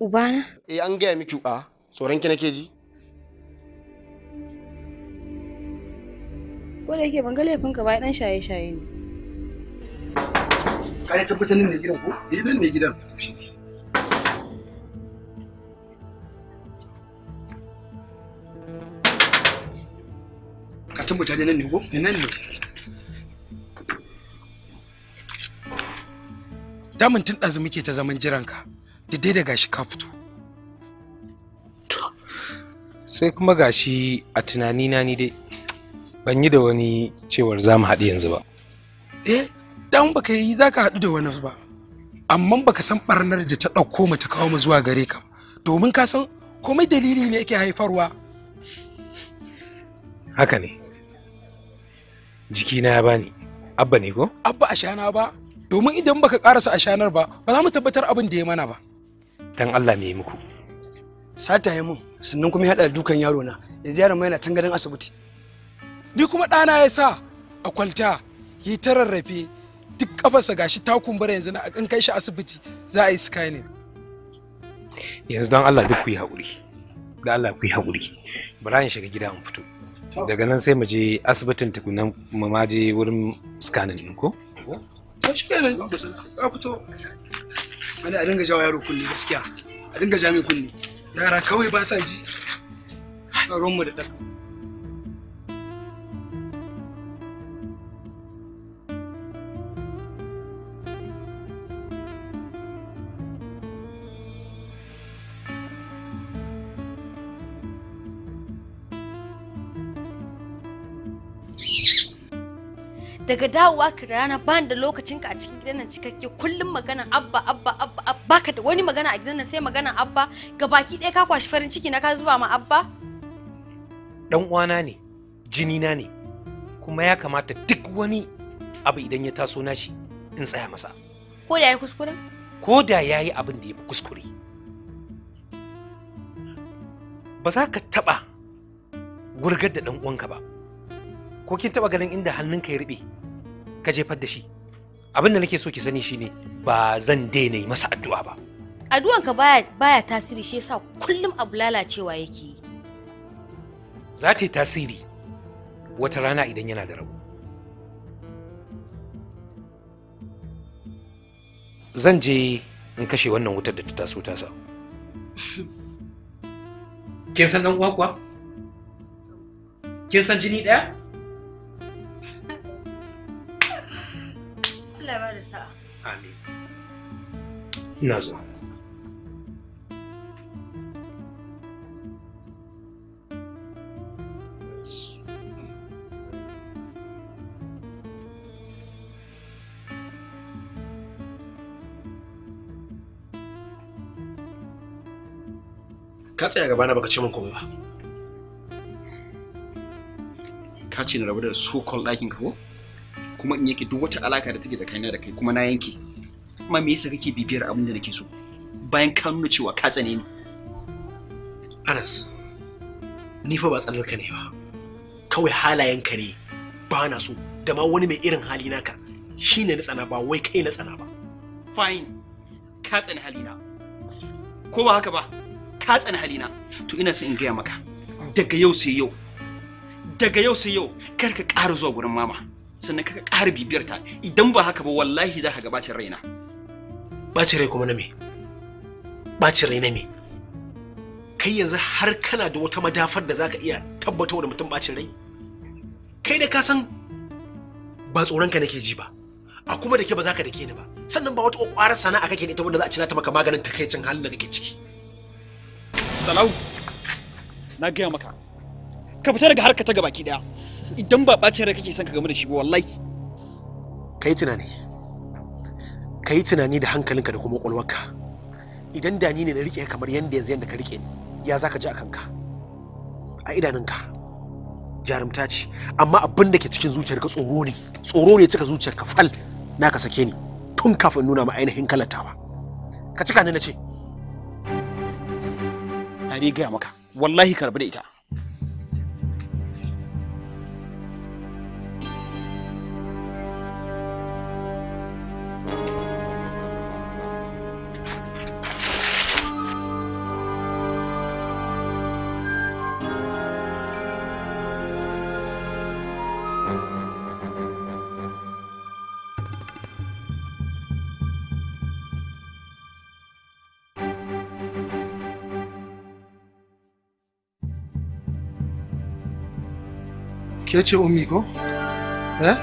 Ubana? Eh an gaya miki a tsoron ki nake ji. Ko da yake ban ga laifin ka ba dan shaye-shaye ne. Kai ka fita nan ne gidan ko? Eh nan ne gidan. Ka tabbata nan ne ko? Nan ne. Damin tun ɗazu muke ta zaman jiranka. dai da gashi ka fito sai kuma gashi a tunanina ni dai ban yi da wani cewar za mu haɗu yanzu ba eh dan baka yi za ka haɗu da wani ba amma baka san ɓarnar da ta ɗauko mu ta kawo mu zuwa gare ka domin ka san komai dalili ne yake haifarwa haka ne jikina ya bani abba ne ko abba ashana ba domin idan baka karasa ashanar ba ba za mu tabbatar abin da ya mana ba dan Allah me yi muku sata ya mun sannan kuma ya hada dukan yaro na yanzu yaron mai yana can gadon asibiti ni kuma ɗana ya sa a kwalta yi ta rarrafe duk kafarsa gashi ta kumbura yanzu na in kai shi asibiti za a yi scanning yanzu don Allah duk ku yi haƙuri da Allah ku yi haƙuri bara in shiga gida in fito daga nan sai mu je asibitin tukunan mu ma je wurin scanning ɗin ko? Ka fito. wani a dinga jawo yaro kunni gaskiya a dinga jami kunni yara kawai ba sa ji a ruwanmu da ɗan daga dawowa ka da rana ban da lokacin ka a cikin gidan nan cikakke kullum magana abba abba abba abba ka da wani magana a gidan nan sai magana abba Ga baki ɗaya ka kwashi farin ciki na ka zuba ma abba dan uwana ne jini na ne kuma ya kamata duk wani abu idan ya taso nashi in tsaya masa ko da yayi kuskure ko da yayi abin da ya kuskure ba za ka taba gurgar da dan uwanka ba ko kin taba ganin inda hannunka ya ruɓe? ka jefar da shi abin da nake so ki sani shine ba zan daina yi masa addu'a ba addu'anka baya baya tasiri shi yasa kullum abu lalacewa yake yi za ta yi tasiri wata rana idan yana da rabo zan je in kashe wannan wutar da ta taso ta sa kin san dan uwa kuwa kin san jini daya ku labarin ka tsaya gaba baka ce min komai ba ka ce na rabu da so kon ka ko kuma in yake duk wata alaka da take da kaina da kai kuma na yanke kuma me yasa kake bibiyar abin da nake so bayan ka nuna cewa ka tsane ni Anas ni fa ba tsallar ka ne ba kawai halayen ka ne ba na so da ma wani mai irin hali naka shine na tsana ba wai kai na tsana ba fine ka tsani halina ko ba haka ba ka tsani halina to ina son in gaya maka daga yau sai yau daga yau sai yau kar ka ƙara zuwa gurin mama sannan ka ƙar bibiyar ta idan ba haka ba wallahi za ka ga bacin raina bacin rai kuma na me bacin rai na me kai yanzu har kana da wata madafar da zaka iya tabbatar da mutum bacin rai kai da ka san ba tsoron ka nake ji ba a kuma da ke ba zaka da ke ni ba sannan ba wata kwakwarar sana'a kake ne ta wanda za a ci ta maka maganin takaicin halin da kake ciki salau na gaya maka ka fita daga harka ta gabaki daya idan ba ɓacin rai kake son ka game da shi ba wallahi ka tunani ka tunani da hankalinka da kuma ƙwaƙwalwarka idan da ni ne na riƙe kamar yadda yanzu yanda ka riƙe ni ya za ka ji a kanka a idanunka jarumta ce amma abin da ke cikin zuciyarka tsoro ne tsoro ne cika zuciyarka fal na ka sake ni tun kafin nuna ma ainihin kalatawa ka cika ni na ce a gaya maka wallahi ka rabu da ita Ke ummi ko? Eh?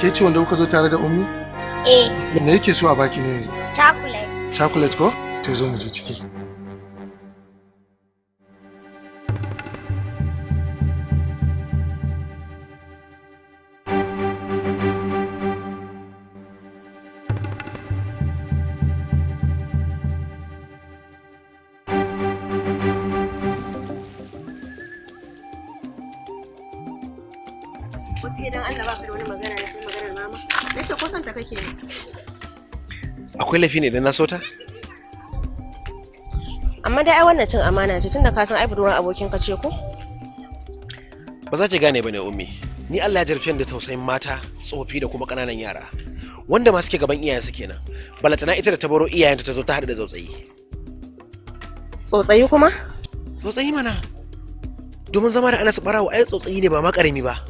Ke wanda kuka zo tare da ummi? Eh. Me yake so a baki ne? Chocolate. Chocolate ko? To zo mu je ciki. Akwai laifi ne idan na sota? Amma dai ai wannan cin amana ce tunda ka san ai budurwar abokin ka ce ko? Ba za ki gane bane ummi. Ni Allah ya jarfe da tausayin mata, tsofi da kuma ƙananan yara. Wanda ma suke gaban iyayen su kenan. Balatana ita da ta baro iyayenta ta zo ta haɗu da Tsotsayi Tsautsayi kuma? Tsotsayi mana. domin zama da ana su barawa ai tsotsayi ne ba ma ƙarami ba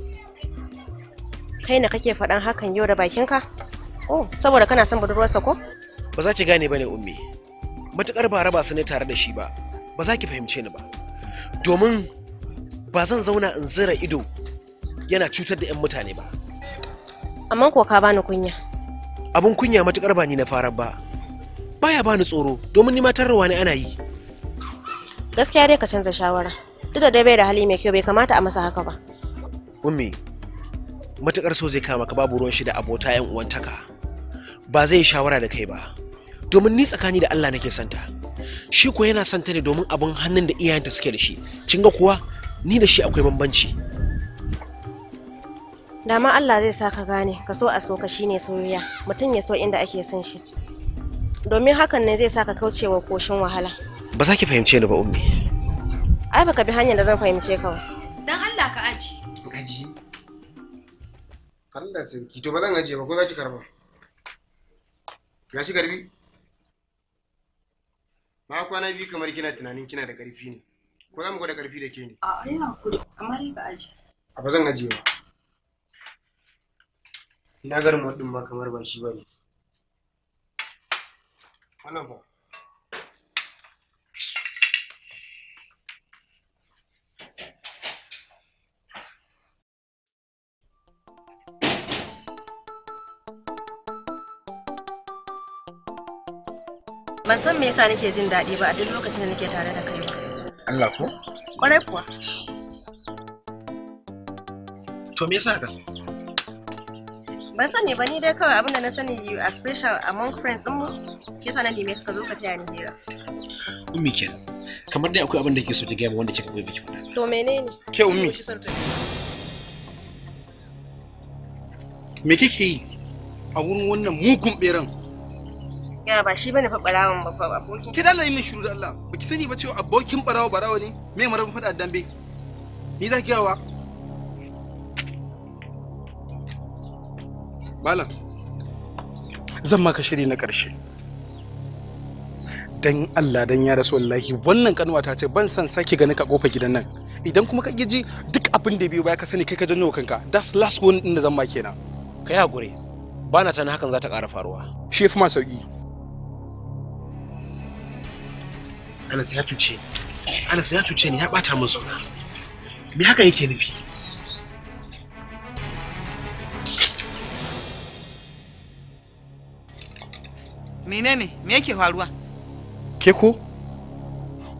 kai na kake faɗan hakan yau da bakinka oh saboda kana son budurwarsa ko ba za ki gane bane ummi matukar ba raba su ne tare da shi ba ba za ki fahimce ni ba domin ba zan zauna in zira ido yana cutar da 'yan mutane ba amma ko ka bani kunya abun kunya matukar ba ni na farar ba baya bani tsoro domin ni matar rawa ne ana yi gaskiya dai ka canza shawara duk da dai bai da hali mai kyau bai kamata a masa haka ba ummi matukar so zai kama ka babu ruwan shi da abota yan uwantaka ba zai yi shawara da kai ba domin ni tsakani da Allah nake santa shi ko yana santa ne domin abin hannun da iyayenta suke da shi kin ga kuwa ni da shi akwai bambanci dama Allah zai sa ka gane ka so a so ka shine soyayya mutum ya so inda ake son shi domin hakan ne zai sa ka kaucewa koshin wahala ba za ki fahimce ni ba ummi ai baka bi hanyar da zan fahimce ka ba dan Allah ka aji Allah sarki to ba zan aje ba ko za ki karba shi garbi ba kwana biyu kamar kina tunanin kina da karfi ne ko za mu gwada karfi da ke ne a ai hakuri amma dai aje a ba zan aje ba ina garmu wadin ba kamar ba shi bane wannan ba Ban san me yasa nake jin daɗi ba a duk lokacin da nake tare da kai ba. Allah ko? Ƙwarai kuwa. To me yasa ka Ban sani ba ni dai kawai abin da na sani you a special among friends ɗinmu ke sa na neme ka zo ka taya ni hira. Ummi ke Kamar dai akwai abin da ke so ta gaya wanda kika bai biki faɗa. To menene? Ke ummi. Me kike yi a wurin wannan mugun beran? gaya ba shi bane fa barawan ba fa abokin ki dalla yin shiru da Allah baki sani ba cewa abokin barawa barawa ne me marabin fada dambe ni za ki yawa malam zan maka shiri na ƙarshe dan Allah dan ya rasu wallahi wannan kanuwa ta ce ban san sake ganin ka kofa gidan nan idan kuma ka ji duk abin da biyu baya ka sani kai ka janyo kanka that's last one din da zan ma kenan kai hakuri ba na tana hakan za ta ƙara faruwa shi fi ma sauki Anas ya cuce ni. Anas ya cuce ni ya bata min suna. Me haka yake nufi? Menene? Me yake faruwa? Ke ko?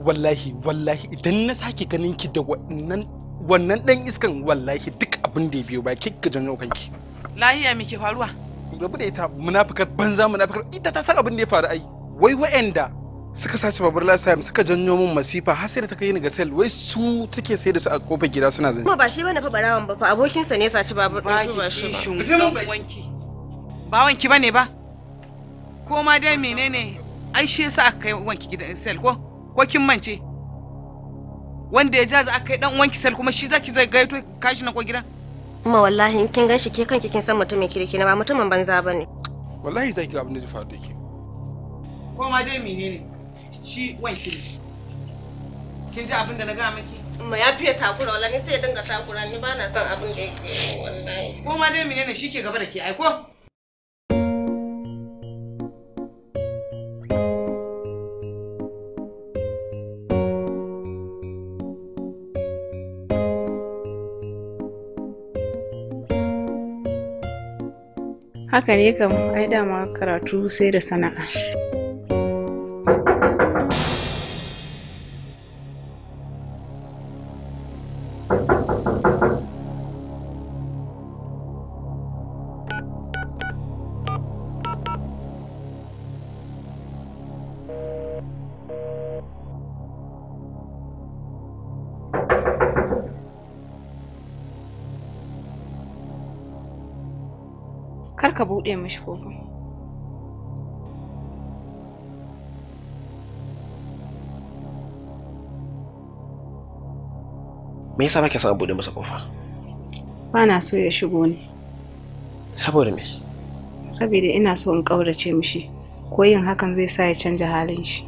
Wallahi wallahi idan na sake ganin ki da wannan wannan dan iskan wallahi duk abin da ya biyo ba kika da janyo kanki. Lahiya me ke faruwa? Rabu da ita munafikar banza munafikar ita ta san abin da ya faru ai. Wai wa'anda suka sace babur last time suka janyo min masifa har sai da ta kai ni ga sel wai su take sai da su a kofar gida suna zance. Kuma ba shi bane fa barawan ba fa abokin sa ne ya saci babur din ba shi ba. wanki. Ba wanki bane ba. Ko ma dai menene ai shi yasa aka kai wanki gidan eh, sel ko ko kin mance. Wanda ya jaza aka kai dan wanki sel kuma shi zaki zai gaito kashi na ko gidan. Kuma wallahi in kin ganshi ke kanki kin san mutumin kirki na ba mutumin banza bane. Wallahi zaki ga abin da zai faru da ke. Ko ma dai menene. shi wanki kin ji abin da na gaya miki amma ya fiye takura wallahi sai ya dinga takura ni ba na san abin da yake wallahi ko ma dai menene shi ke gaba da ke aiko haka ne kam ai dama karatu sai da sana'a kar ka buɗe mishi kofin me yasa kake son buɗe masa kofa ba na so ya shigo ne saboda me saboda ina so in ƙaurace mishi ko yin hakan zai sa ya canja halin shi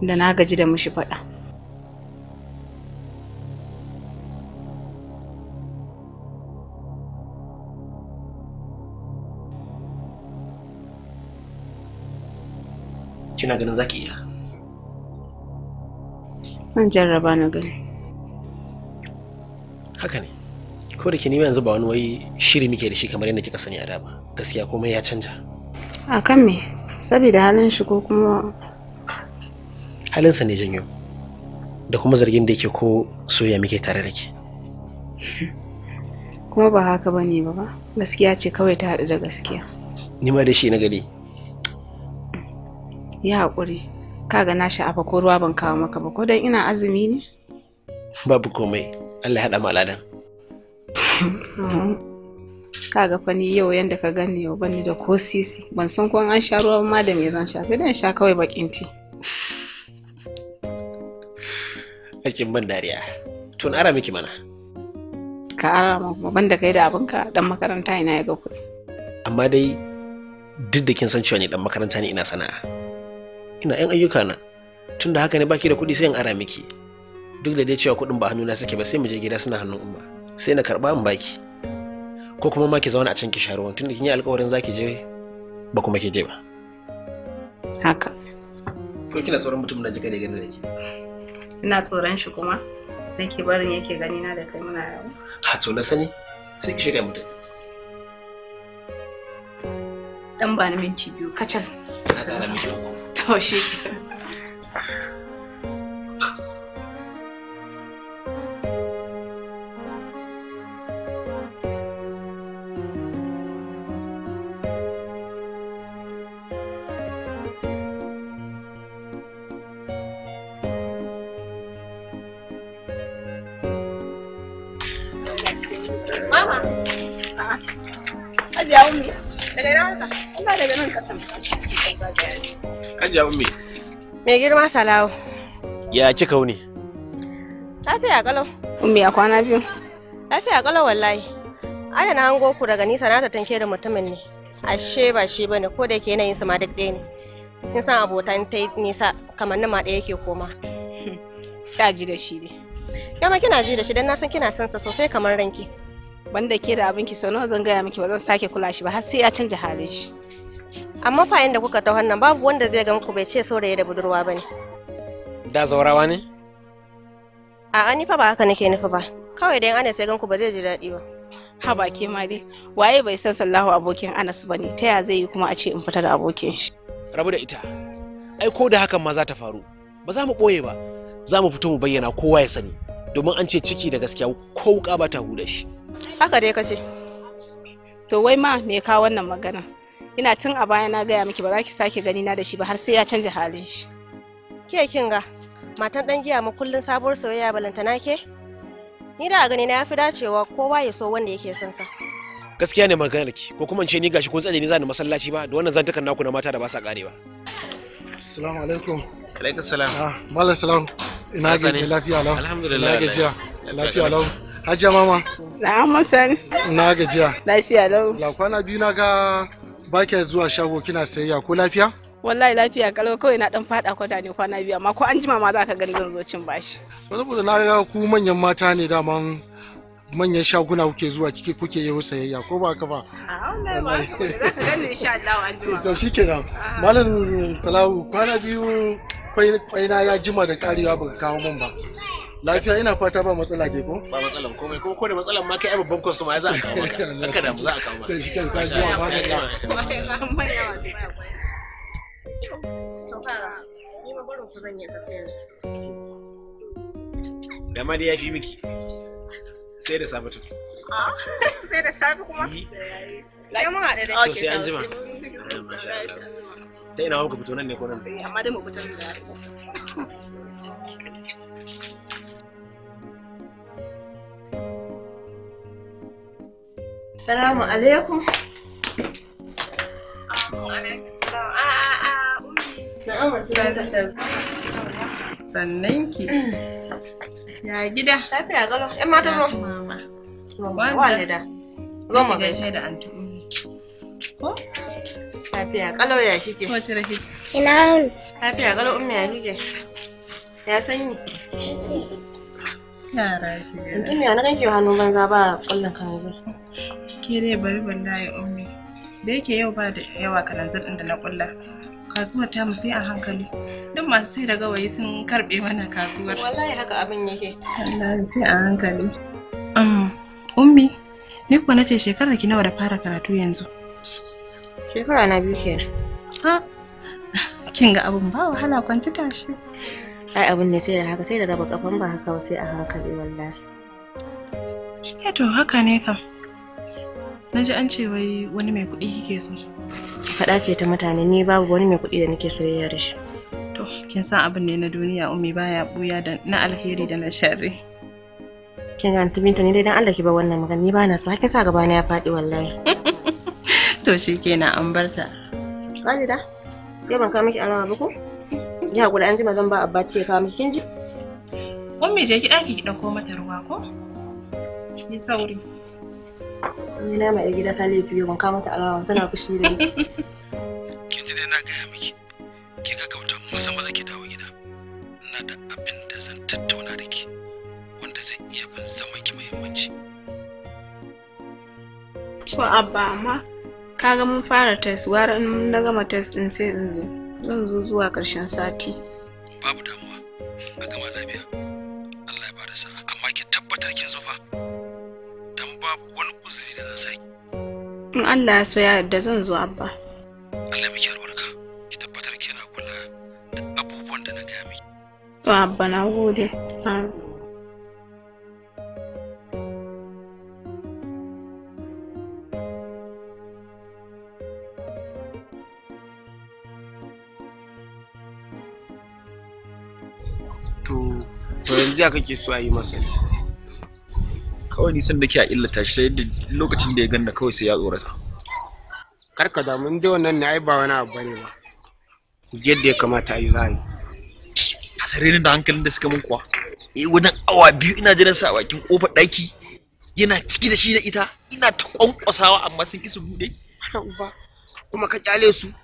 da na gaji da mishi faɗa kina ganin zaki iya zan jarraba na gani haka ne ko da ki nima yanzu ba wani wai shiri muke da shi kamar yadda kika sani a da ba gaskiya komai ya canja a kan me saboda halin shi ko kuma halinsa ne janyo da kuma zargin da yake ko soya muke tare da ke kuma ba haka ba ne ba gaskiya ce kawai ta haɗu da gaskiya ni ma da shi na gari yi haƙuri kaga na sha'afa ko ruwa ban kawo maka ba ko dan ina azumi ne babu komai Allah ya haɗa maladan kaga fa ni yau yanda ka gani yau bani da ko sisi ban san ko an sha ruwa ma da me zan sha sai dai sha kawai bakin ti hakin ban dariya tun ara miki mana ka ara ma kuma banda kai da abin ka dan makaranta ina ya ga kuɗi amma dai duk da kin san cewa ni dan makaranta ne ina sana'a ina yan ayyuka na tunda haka ne baki da kuɗi sai in ara miki duk da dai cewa kuɗin ba hannuna suke ba sai mu je gida suna hannun umma sai na karɓa in baki ko kuma ma ki zauna a can ki sharuwan tunda kin yi alƙawarin zaki je ba kuma ki je ba haka ko kina tsoron mutum na jika da gani da ke ina tsoron shi kuma nake barin yake gani na da kai muna yawo ha to na sani sai ki shirya mutum dan ba na minti biyu kacal na ƙara miki 好辛 hajiya ummi me girma salawu ya kika wuni lafiya kalau ummi a kwana biyu lafiya kalau wallahi ana na hango ku daga nisa na ta tanke da mutumin ne ashe ba shi bane ko da yake yanayin sa ma duk ɗaya ne kin san abotan ta nisa kamar nan ma ɗaya yake koma ta ji da shi ne kama kina ji da shi dan na san kina son sa sosai kamar ranki banda ke da abinki sau nawa zan gaya miki ba zan sake kula shi ba har sai ya canja halin shi amma fa yanda kuka ta wannan babu wanda zai ga ku bai ce saurayi da budurwa bane da zaurawa ne a ani fa ba haka nake nufi ba kawai dan ana sai gan ku ba zai ji daɗi ba ha ba ke ma dai waye bai san sallahu abokin anas bane ta ya zai yi kuma a ce in fita da abokin shi rabu da ita ai ko da hakan ma za ta faru ba za mu ɓoye ba za mu fito mu bayyana kowa ya sani domin an ce ciki da gaskiya ko wuka ba ta huda shi haka dai kace to wai ma me ka wannan magana ina tun a baya na gaya miki ba za ki sake gani na da shi ba har sai ya canja halin shi ke kin ga matan dan giya mu kullun sabuwar soyayya balantana ke ni da gani na yafi dacewa kowa ya so wanda yake son sa gaskiya ne maganar ki ko kuma ce ni gashi kun tsare ni zani masallaci ba da wannan zantukan naku na mata da ba sa karewa assalamu alaikum alaikum salam ah, mallam salam ina ga ni lafiya lau alhamdulillah gajiya lafiya lau hajiya mama na'am san ina gajiya lafiya lau la kwana biyu na ga ba ki zuwa shago kina sayayya ko lafiya? Wallahi lafiya kalau kawai na dan fada kwata ne kwana biyu amma ko an jima ma za ka gani zan zo cin bashi. Saboda na ga ku manyan mata ne daman manyan shaguna kuke zuwa kike kuke yi sayayya ko ba ka ba a wannan ba za ka gani insha Allah an jima to shikenan malam salahu kwana biyu na ya jima da karewa ban kawo mun ba lafiya ina fata ba matsala ke ko ba matsalan komai kuma ko da matsalan ma kai babban customer ya za a kawo maka haka da za a kawo maka shi kan sai ma ya ma ya ba to fara ba yi da ma ya fi miki sai da safe tun ah, sai da safe kuma sai mun haɗe da sai an jima ta ina kuka fito nan ne ko nan eh, amma dai mu fito da Salamu alaikum. Sannan ki. Ya gida. Lafiya galo. Ƴan mata zo. Walida. Zo mu gaishe da antu. Ko? Lafiya galo ya kike. Wace rafi? Ina wuni. Lafiya galo ummi ya kike. Ya sanyi. Yara ki. Mutum ya na ganke hannu banza ba kullun kan ke dai bari wallahi ummi da yake yau ba da yawa kananzir din da na kulla kasuwar ta mu sai a hankali duk masu sai da gawayi sun karbe mana kasuwar wallahi haka abin yake wallahi sai a hankali um, ummi ni kuwa nace shekarar ki nawa da fara karatu yanzu shekara na biyu ke. ha kin ga abun ba wahala kwanci tashi ai abin ne sai da haka sai da raba kafan ba haka sai a hankali wallahi eh to haka ne kam Na ji an ce wai wani mai kuɗi kike so. Faɗa ce ta mutane ni babu wani mai kuɗi da nake soyayya da shi. To, kin san abin ne na duniya umi baya buya da na alheri da na sharri. Kin ga antumi ta ne dai dan Allah ki ba wannan magana ni ba na so hakin sa gaba na ya faɗi wallahi. To shikenan an bar ta Walida, yau ban kawo miki alawa ba ko? Ya gura an jima zan ba abba ce kawo miki kin ji? Ummi je ki ɗaki ki ɗauko mata ruwa ko? Ki sauri. Ni na mai gida ta laifi ban ka mata alawa tana fushi da ni. Kin ji dai na gaya miki. Ki ga kauta maza maza ki dawo gida. Ina da abin da zan tattauna da ki wanda zai iya bin zama ki muhimmanci. To abba amma kaga mun fara test gwara in na gama test din sai in zo. Zan zo zuwa ƙarshen sati. Babu damuwa. A gama lafiya. Allah ya bada sa'a amma ki tabbatar kin zo babu wani uzuri da zan saki in Allah ya so ya yarda zan zo abba Allah miki albarka ki tabbatar kina kula da abubuwan da na ga miki to abba na gode to yanzu ya kake so a yi masa ne kawai nisan da ke a illata shi yadda lokacin da ya ganna kawai sai ya tsorata kar ka mun da wannan ne ai ba wani abu bane ba yadda ya kamata a yi za a yi a sarari da hankalin da suka mun kuwa eh wajen awa biyu ina jiran sa a bakin kofar ɗaki yana ciki da shi da ita ina ta kwankwasawa amma sun ki su bude kuma ka kyale su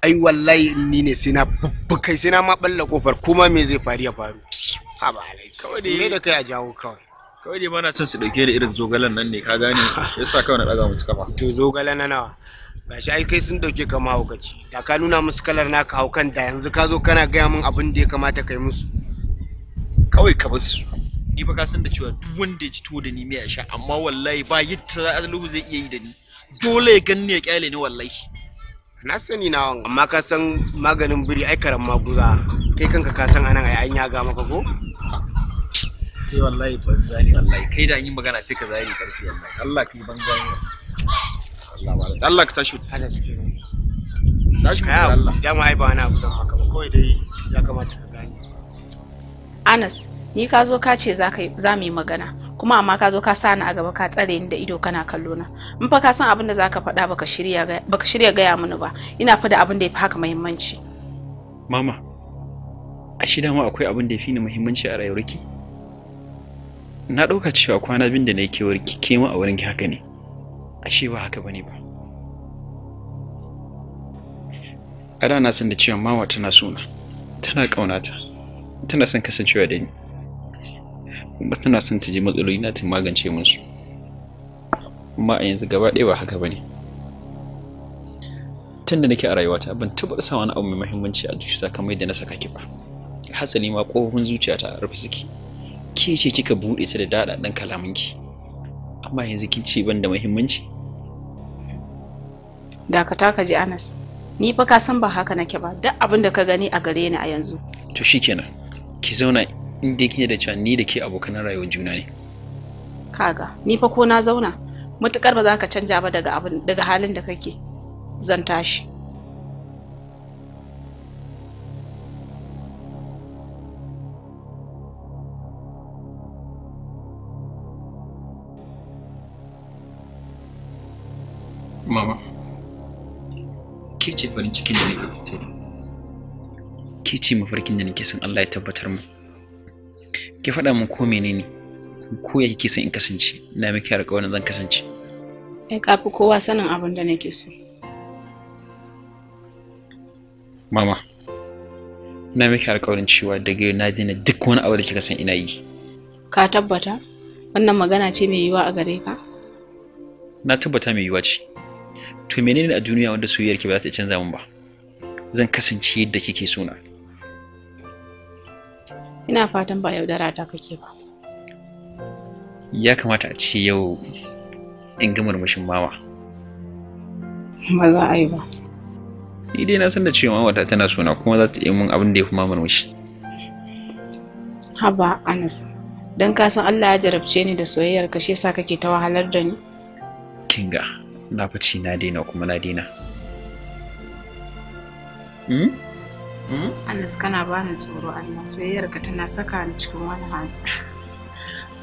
ai wallahi ni ne sai na bubbukai sai na ma balla kofar kuma me zai faru ya faru haba alai kawai da kai a jawo kawai kawai dai na son su dauke da irin zogalen nan ne ka gane yasa kawai na daga musu kafa to zogalen na nawa gashi ai kai sun dauke ka mahaukaci da ka nuna musu kalar naka haukan da yanzu ka zo kana gaya min abin da ya kamata kai musu kawai ka basu ni ba ka san da cewa duk wanda ya ci tuwo da ni mai sha amma wallahi ba yadda za azaluhu zai iya yi da ni dole ya ganni ya kyale ni wallahi na sani na amma ka san maganin biri ai karan maguza kai kanka ka san anan ai an ga maka ko kai wallahi banza ne wallahi kai da yin magana ce ka zai karfi wallahi Allah kai banza ne Allah ba Allah ka tashi Allah suke tashi mu Allah ya mu haiba wani abu zan maka ba kawai dai ya kamata ka gane Anas ni ka zo ka ce za mu yi magana kuma amma ka zo ka sa ni a gaba ka tsare ni da ido kana kallo na in fa ka san abin da zaka faɗa baka shirya baka shirya gaya mini ba ina fa da abin da ya fi haka muhimmanci mama a shida ma akwai abin da ya fi ni muhimmanci a rayuwarki na ɗauka cewa kwana bin da na yi kewar kemu a wurin haka ne ashe ba haka bane ba a da na san da cewa mawa tana suna tana ƙaunata tana son kasancewa da ni kuma tana son ta ji matsaloli na ta magance min su amma a yanzu gaba ɗaya ba haka bane tun da nake a rayuwata ban taɓa sa wani abu mai muhimmanci a zuciyata kamar yadda na saka ki ba hasali ma ƙofofin zuciyata a rufe suke ke ce kika buɗe ta da daɗaɗɗen kalamanki amma yanzu kin ce ban da muhimmanci dakata ka ji anas ni fa ka san ba haka nake ba duk abin da ka gani a gare ni a yanzu to shikenan ki zauna inda kike da cewa ni da ke abokan rayuwar juna ne kaga ni fa ko na zauna mutukar ba za ka canja ba daga abin daga halin da kake zan tashi ke ce farin cikin da nake tattare ke ce mafarkin da nake son Allah ya tabbatar mu ki faɗa min ko menene ko ya kike son in kasance na miki alƙawarin zan kasance ai kafi kowa sanin abin da nake so mama na miki alƙawarin cewa daga yau na daina duk wani abu da kika san ina yi ka tabbata wannan magana ce mai yiwa a gare ka na tabbata mai yiwa ce to menene a duniya wanda soyayyar ke ba za ta canza min ba zan kasance yadda kike so na ina fatan ba yaudara ta kake ba ya kamata a ce yau in ga murmushin mama ba za a yi ba ni dai na san da cewa mawata tana suna kuma za ta yi min abin da ya kuma murmushi haba anas dan ka Allah ya jarabce ni da soyayyar ka shi yasa kake ta wahalar da ni kinga na fici na dina kuma na Hmm? hmm? Allah kana ba ni tsoro Allah soyayyar ka tana saka ni cikin wani hali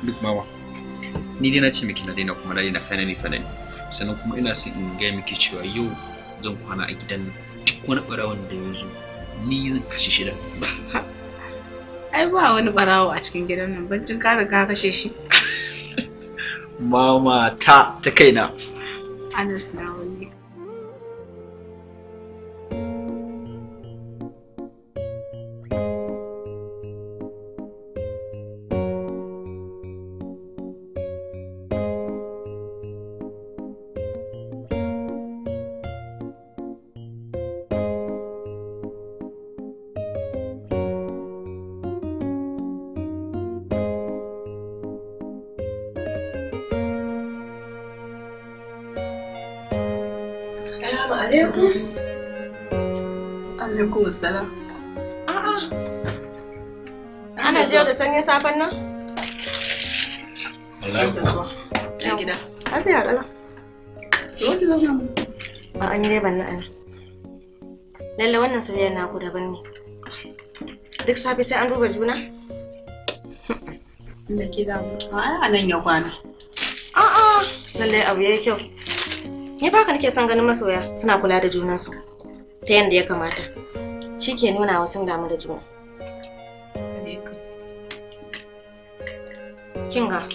duk mama ni dai na ce miki na daina kuma na daina fanani fanani sannan kuma ina son in gaya miki cewa yau zan kwana a gidan duk wani barawan da ya zo ni zan kashe shi da ai ba wani barawo a cikin gidan nan ban jin ka riga kashe shi mama ta ta kaina I'm just smiling. alaikum. Alaikum salam. Ana jiya da sanyin safen nan? Alaikum. gida. Lafiya kala. Wata zauna mu. A'a ni dai ban nan. Lalle wannan soyayyar naku daban ne. Duk safe sai an duba juna? Da ke damu. A'a nan ya kwana. A'a. Lalle abu yayi kyau. Ni baka ka nake son ganin masoya suna kula da junansu ta yadda ya kamata. Shi ke nuna wasu damu da juna. Kin ga,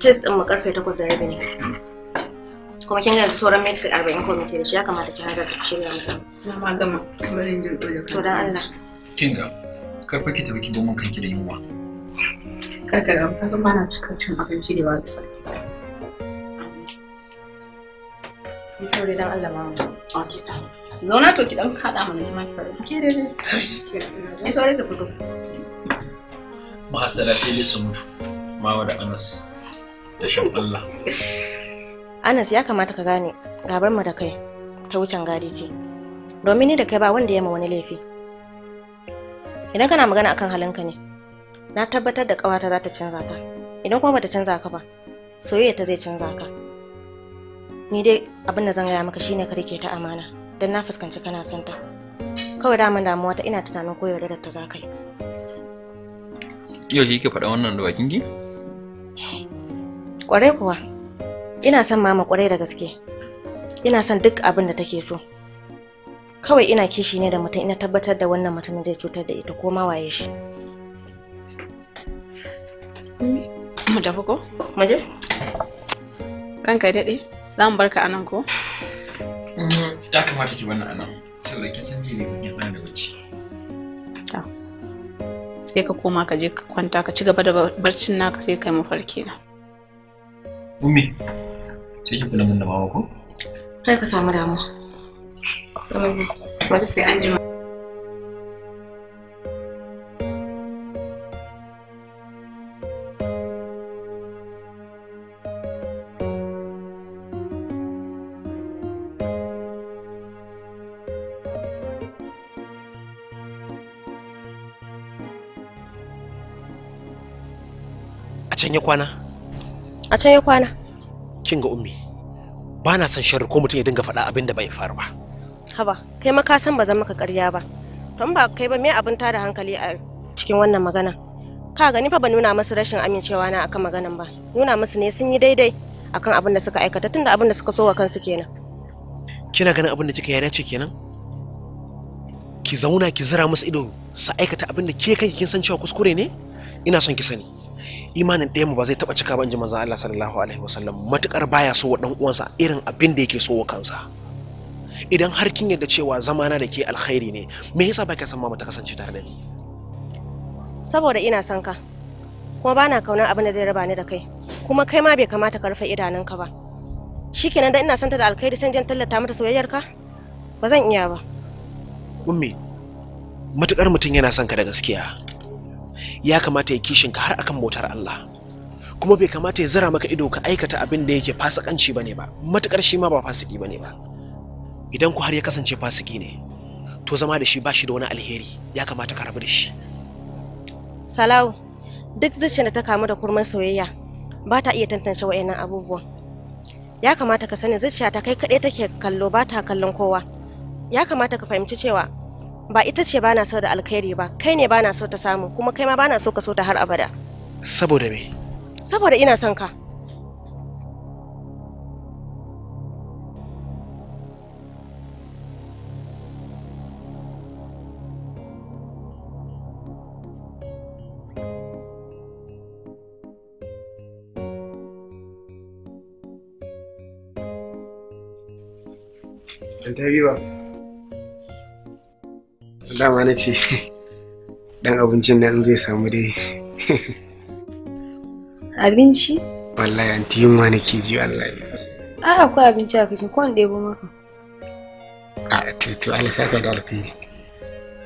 test din mu karfe 8 da rabi ne. Kuma kin ga yanzu sauran minti arba'in ko muke da shi ya kamata ki haɗa shi shirya mu. Na gama, kamar in jirgo da kai. To dan Allah. Kin ga, karfa ki tabbaki ba bomin kanki da yunwa. Karkara, ka zama na cikin cin abinci da ba da Yi saurayi don Allah ma. Ok ta. Zauna to ki dan haɗa mana ki maka. Ke dai dai. shi ke. Yi saurayi da fito. Mahasala sai dai su mutu. Mawa da Anas. Da shan Allah. Anas ya kamata ka gane gabar mu da kai ta wucin gadi ce. Domin ni da kai ba wanda ya ma wani laifi. Idan kana magana akan halinka ne, na tabbatar da ƙawata za ta canza ka. Idan kuma bata canza ka ba, soyayya ta zai canza ka. ni dai abin da zan gaya maka shine ka rike ta amana don na fuskanci kana son ta kawai mun damuwa ta ina tunanin ko yaudarar ta za ka yi yau ki faɗa wannan da bakin ki kwarai kuwa ina son mama kwarai da gaske ina son duk abin da take so kawai ina kishi ne da mutum ina tabbatar da wannan mutumin zai cutar da ita ko ma waye shi mu tafi ko mu je ranka daɗe za mu barka anan ko ya kamata ki wannan anan saboda kin san ne mun yana da bacci sai ka koma ka je ka kwanta ka ci gaba da barcin naka sai kai mafarki na ummi sai ki kula mun da bawa ko sai ka samu damu. bari sai an ji can ya kwana a can ya kwana kin ga ummi ba na son sharri ko mutum ya dinga faɗa abin da bai faru ba haba kai ma ka san ba zan maka ƙarya ba tun ba kai ba me abin tada hankali a cikin wannan magana ka gani fa ba nuna musu rashin amincewa na akan maganan ba nuna musu ne sun yi daidai akan abin da suka aikata tunda abin da suka so wa kansu kenan kina ganin abin da kika yare ce kenan ki zauna ki zira musu ido sa aikata abin da ke kanki kin san cewa kuskure ne ina son ki sani imanin ɗaya mu ba zai taɓa cika ba in Allah sallallahu alaihi wasallam matukar baya so wa ɗan uwansa irin abin da yake so wa kansa idan har kin yarda cewa zamana da ke alkhairi ne me yasa baka san mama ta kasance tare da ni saboda ina son ka kuma bana kaunar abin da zai raba ni da kai kuma kai ma bai kamata ka rufe idanunka ba shikenan dan ina son ta da alkhairi san jan tallata mata soyayyar ka ba zan iya ba ummi matukar mutum yana son ka da gaskiya ya kamata ya kishin ka har akan motar Allah kuma bai kamata ya zara maka ido ka aikata abin da yake fasikanci bane ba matukar shi ma ba fasiki bane ba idan ku har ya kasance fasiki ne to zama da shi ba shi da wani alheri ya kamata ka rabu da shi salau duk zuciyar da ta kamu da kurman soyayya ba ta iya tantance wa'annan abubuwan ya kamata ka sani zuciya ta kai kaɗai take kallo ba ta kallon kowa ya kamata ka fahimci cewa ba ita ce bana so da alkhairi ba kai ne bana so ta samu kuma kai ma bana so ka so ta har abada saboda me saboda ina son ka Interviewer. dama na ce dan abincin nan zai samu dai abinci wallahi anti yin ma nake ji wallahi a akwai abinci a kicin ko ɗebo maka a to to Allah saka da alfi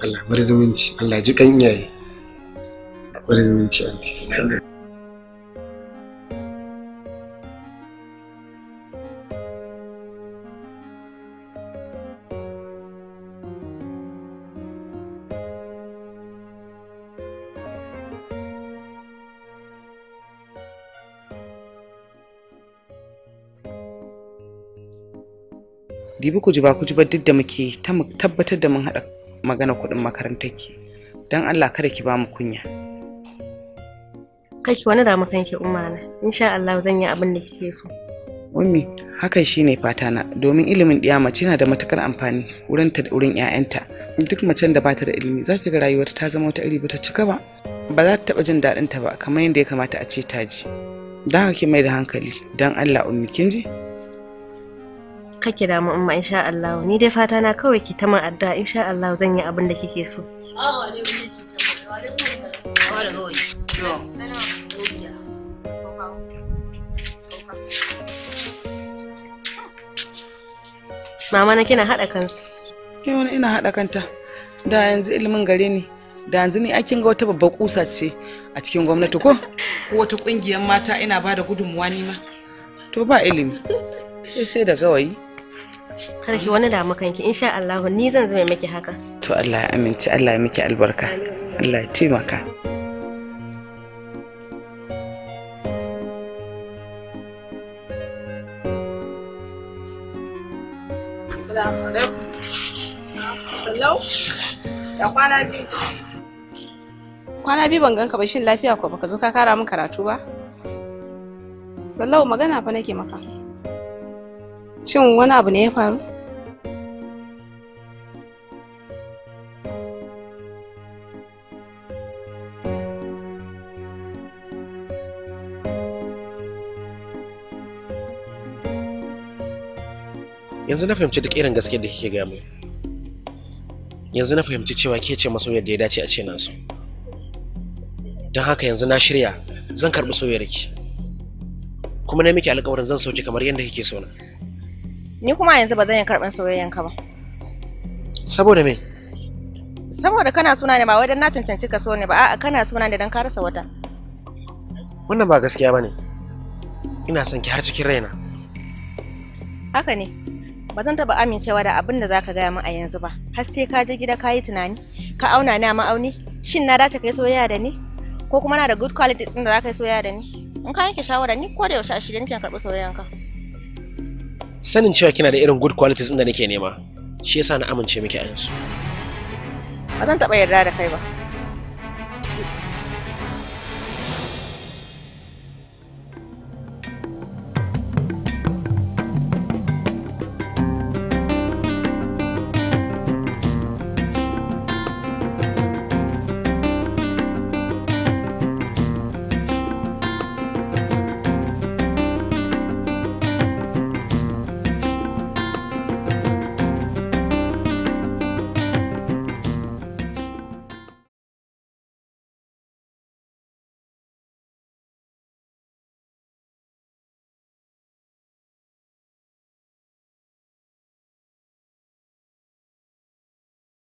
Allah bar zumunci Allah ji kan yayi bar zumunci anti dibi ku ji ba ku ji ba duk da muke tabbatar da mun haɗa magana kuɗin makarantar ki don Allah kada ki ba mu kunya kai ki wani damu kanki umana insha Allah zan yi abin da kike so ummi hakan shine fata na domin ilimin ɗiya mace yana da matukar amfani wurin ta wurin 'ya'yanta duk macen da bata da ilimi za ta ga rayuwar ta zama wata iri bata cika ba ba za ta taba jin daɗin ta ba kamar yadda ya kamata a ce ta ji don haka ki mai da hankali don Allah ummi kin ji kake damu umma insha Allah ni dai fata na kawai ki ta min addu'a insha Allah zan yi abin da kike so Mama na kina haɗa kansu. Yau ina haɗa kanta. Da yanzu ilimin gare ni. da yanzu ni akin ga wata babbar kusa ce a cikin gwamnati ko ko wata kungiyar mata ina ba da gudunmuwa ni ma to ba ilimi sai da gawayi Kar ki wani damu kanki insha Allah ni zan zama miki haka. To Allah ya aminci Allah ya miki albarka. Allah ya taimaka. Assalamu kwana biyu. Kwana biyu ban ba shin lafiya ko baka zo ka kara min karatu ba? Sallau magana fa nake maka. Shin wani abu ne ya faru? yanzu na fahimci duk irin gaske da kike gaya yanzu na fahimci cewa ke ce masoyar da ya dace a ce nan su don haka yanzu na shirya zan karɓi soyayyarki. kuma na miki alƙawarin zan sauke kamar yadda kike so na Ni kuma yanzu ba zan yi karɓar soyayyen ka ba. Saboda me? Saboda kana suna ne ba wai dan na cancanci ka so ne ba, a'a kana suna ne dan ka rasa wata. Wannan ba gaskiya bane. Ina son ki har cikin raina. Haka ne. Ba zan taɓa amincewa da abin da zaka gaya min a yanzu ba. Har sai ka je gida ka yi tunani, ka auna ni a ma'auni, shin na dace ka yi soyayya da ni? Ko kuma na da good qualities ɗin da za ka yi soyayya da ni? In ka yanke shawara ni ko da yaushe a shirye nake karɓi soyayyanka. ka. sanin cewa kina da irin good qualities inda nake nema shi yasa na amince miki a yanzu ba zan taɓa yarda da kai ba